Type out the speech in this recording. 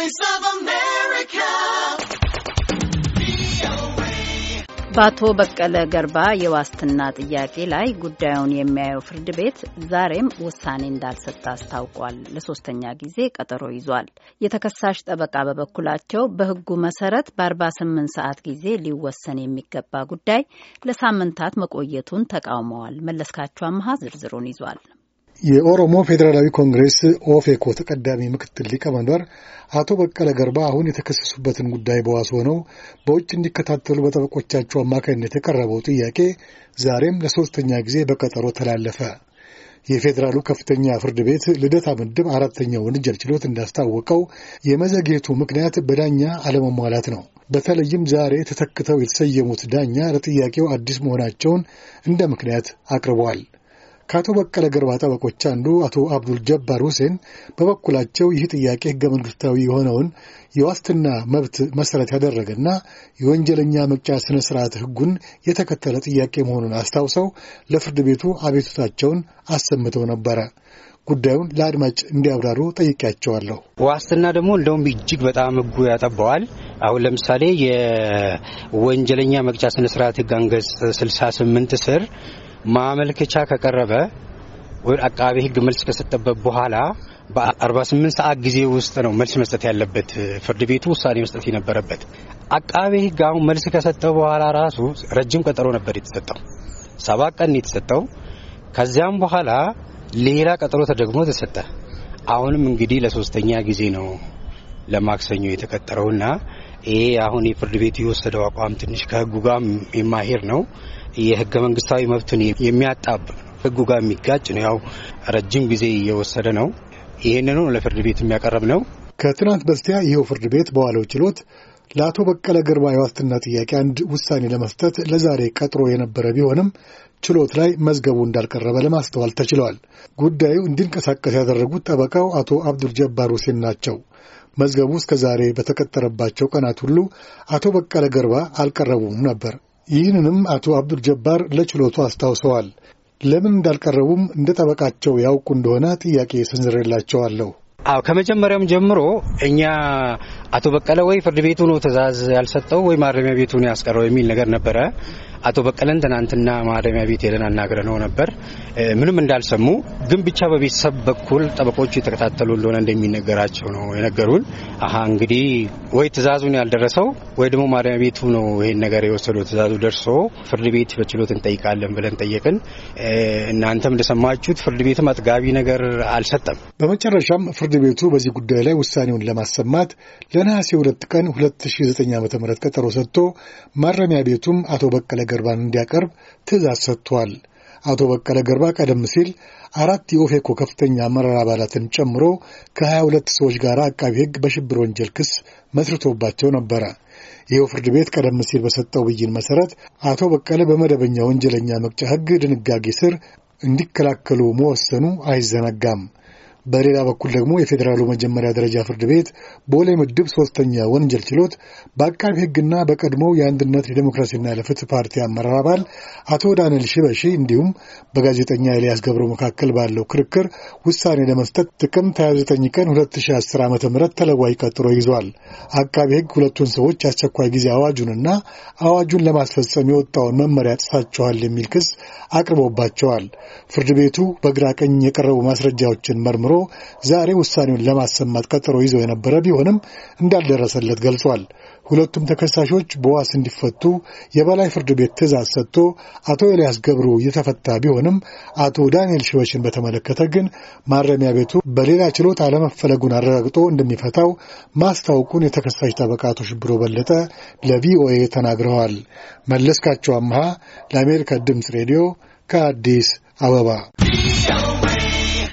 Voice of America. በአቶ በቀለ ገርባ የዋስትና ጥያቄ ላይ ጉዳዩን የሚያየው ፍርድ ቤት ዛሬም ውሳኔ እንዳልሰጠ አስታውቋል። ለሶስተኛ ጊዜ ቀጠሮ ይዟል። የተከሳሽ ጠበቃ በበኩላቸው በሕጉ መሰረት በ48 ሰዓት ጊዜ ሊወሰን የሚገባ ጉዳይ ለሳምንታት መቆየቱን ተቃውመዋል። መለስካቸው አመሀ ዝርዝሩን ይዟል። የኦሮሞ ፌዴራላዊ ኮንግሬስ ኦፌኮ ተቀዳሚ ምክትል ሊቀመንበር አቶ በቀለ ገርባ አሁን የተከሰሱበትን ጉዳይ በዋስ ሆነው በውጭ እንዲከታተሉ በጠበቆቻቸው አማካኝነት የቀረበው ጥያቄ ዛሬም ለሶስተኛ ጊዜ በቀጠሮ ተላለፈ። የፌዴራሉ ከፍተኛ ፍርድ ቤት ልደታ ምድብ አራተኛው ወንጀል ችሎት እንዳስታወቀው የመዘግየቱ ምክንያት በዳኛ አለመሟላት ነው። በተለይም ዛሬ ተተክተው የተሰየሙት ዳኛ ለጥያቄው አዲስ መሆናቸውን እንደ ምክንያት አቅርበዋል። ከአቶ በቀለ ገርባ ጠበቆች አንዱ አቶ አብዱል ጀባር ሁሴን በበኩላቸው ይህ ጥያቄ ህገ መንግስታዊ የሆነውን የዋስትና መብት መሰረት ያደረገና የወንጀለኛ መቅጫ ስነ ስርዓት ህጉን የተከተለ ጥያቄ መሆኑን አስታውሰው ለፍርድ ቤቱ አቤቱታቸውን አሰምተው ነበረ። ጉዳዩን ለአድማጭ እንዲያብራሩ ጠይቄያቸዋለሁ። ዋስትና ደግሞ እንደውም እጅግ በጣም ህጉ ያጠባዋል። አሁን ለምሳሌ የወንጀለኛ መቅጫ ስነ ስርዓት ህግ አንቀጽ 68 ስር ማመልከቻ ከቀረበ አቃቤ ህግ መልስ ከሰጠበት በኋላ በ48 ሰዓት ጊዜ ውስጥ ነው መልስ መስጠት ያለበት ፍርድ ቤቱ ውሳኔ መስጠት የነበረበት። አቃቤ ህግ አሁን መልስ ከሰጠ በኋላ ራሱ ረጅም ቀጠሮ ነበር የተሰጠው፣ ሰባት ቀን የተሰጠው። ከዚያም በኋላ ሌላ ቀጠሮ ተደግሞ ተሰጠ። አሁንም እንግዲህ ለሶስተኛ ጊዜ ነው ለማክሰኞ የተቀጠረውና ይሄ አሁን የፍርድ ቤቱ የወሰደው አቋም ትንሽ ከህጉ ጋር የማሄድ ነው። የህገ መንግስታዊ መብትን የሚያጣብቅ ነው። ህጉ ጋር የሚጋጭ ነው። ያው ረጅም ጊዜ እየወሰደ ነው። ይህንኑ ለፍርድ ቤት የሚያቀርብ ነው። ከትናንት በስቲያ ይኸው ፍርድ ቤት በዋለው ችሎት ለአቶ በቀለ ገርባ የዋስትና ጥያቄ አንድ ውሳኔ ለመስጠት ለዛሬ ቀጥሮ የነበረ ቢሆንም ችሎት ላይ መዝገቡ እንዳልቀረበ ለማስተዋል ተችሏል። ጉዳዩ እንዲንቀሳቀስ ያደረጉት ጠበቃው አቶ አብዱል ጀባር ሁሴን ናቸው። መዝገቡ እስከ ዛሬ በተቀጠረባቸው ቀናት ሁሉ አቶ በቀለ ገርባ አልቀረቡም ነበር። ይህንንም አቶ አብዱል ጀባር ለችሎቱ አስታውሰዋል። ለምን እንዳልቀረቡም እንደ ጠበቃቸው ያውቁ እንደሆነ ጥያቄ ሰንዝሬላቸዋለሁ። አዎ ከመጀመሪያም ጀምሮ እኛ አቶ በቀለ ወይ ፍርድ ቤቱ ነው ትእዛዝ ያልሰጠው ወይ ማረሚያ ቤቱ ነው ያስቀረው የሚል ነገር ነበረ። አቶ በቀለን ትናንትና ማረሚያ ቤት ሄደን አናግረ ነው ነበር። ምንም እንዳልሰሙ ግን ብቻ በቤተሰብ በኩል ጠበቆቹ የተከታተሉ እንደሆነ እንደሚነገራቸው ነው የነገሩን። አሀ እንግዲህ ወይ ትእዛዙን ያልደረሰው ወይ ደግሞ ማረሚያ ቤቱ ነው ይሄን ነገር የወሰደው። ትእዛዙ ደርሶ ፍርድ ቤት በችሎት እንጠይቃለን ብለን ጠየቅን። እናንተም እንደሰማችሁት ፍርድ ቤትም አጥጋቢ ነገር አልሰጠም። በመጨረሻም ፍርድ ቤቱ በዚህ ጉዳይ ላይ ውሳኔውን ለማሰማት ለነሐሴ ሁለት ቀን 2009 ዓ ም ቀጠሮ ሰጥቶ ማረሚያ ቤቱም አቶ በቀለ ገርባን እንዲያቀርብ ትዕዛዝ ሰጥቷል። አቶ በቀለ ገርባ ቀደም ሲል አራት የኦፌኮ ከፍተኛ አመራር አባላትን ጨምሮ ከ22 ሰዎች ጋር አቃቢ ሕግ በሽብር ወንጀል ክስ መስርቶባቸው ነበረ። ይኸው ፍርድ ቤት ቀደም ሲል በሰጠው ብይን መሠረት አቶ በቀለ በመደበኛ ወንጀለኛ መቅጫ ሕግ ድንጋጌ ስር እንዲከላከሉ መወሰኑ አይዘነጋም። በሌላ በኩል ደግሞ የፌዴራሉ መጀመሪያ ደረጃ ፍርድ ቤት ቦሌ ምድብ ሶስተኛ ወንጀል ችሎት በአቃቢ ሕግና በቀድሞው የአንድነት ለዴሞክራሲና ለፍትህ ፓርቲ አመራር አባል አቶ ዳንኤል ሽበሺ እንዲሁም በጋዜጠኛ ኤልያስ ገብሮ መካከል ባለው ክርክር ውሳኔ ለመስጠት ጥቅምት 29 ቀን 2010 ዓ ም ተለዋጭ ቀጥሮ ይዟል። አቃቢ ሕግ ሁለቱን ሰዎች አስቸኳይ ጊዜ አዋጁንና አዋጁን ለማስፈጸም የወጣውን መመሪያ ጥሳቸዋል የሚል ክስ አቅርቦባቸዋል። ፍርድ ቤቱ በግራ ቀኝ የቀረቡ ማስረጃዎችን መርምሮ ጨምሮ ዛሬ ውሳኔውን ለማሰማት ቀጠሮ ይዞ የነበረ ቢሆንም እንዳልደረሰለት ገልጿል። ሁለቱም ተከሳሾች በዋስ እንዲፈቱ የበላይ ፍርድ ቤት ትዕዛዝ ሰጥቶ አቶ ኤልያስ ገብሩ የተፈታ ቢሆንም አቶ ዳንኤል ሽበሽን በተመለከተ ግን ማረሚያ ቤቱ በሌላ ችሎት አለመፈለጉን አረጋግጦ እንደሚፈታው ማስታወቁን የተከሳሽ ጠበቃ አቶ ሽብሮ በለጠ ለቪኦኤ ተናግረዋል። መለስካቸው አምሃ ለአሜሪካ ድምፅ ሬዲዮ ከአዲስ አበባ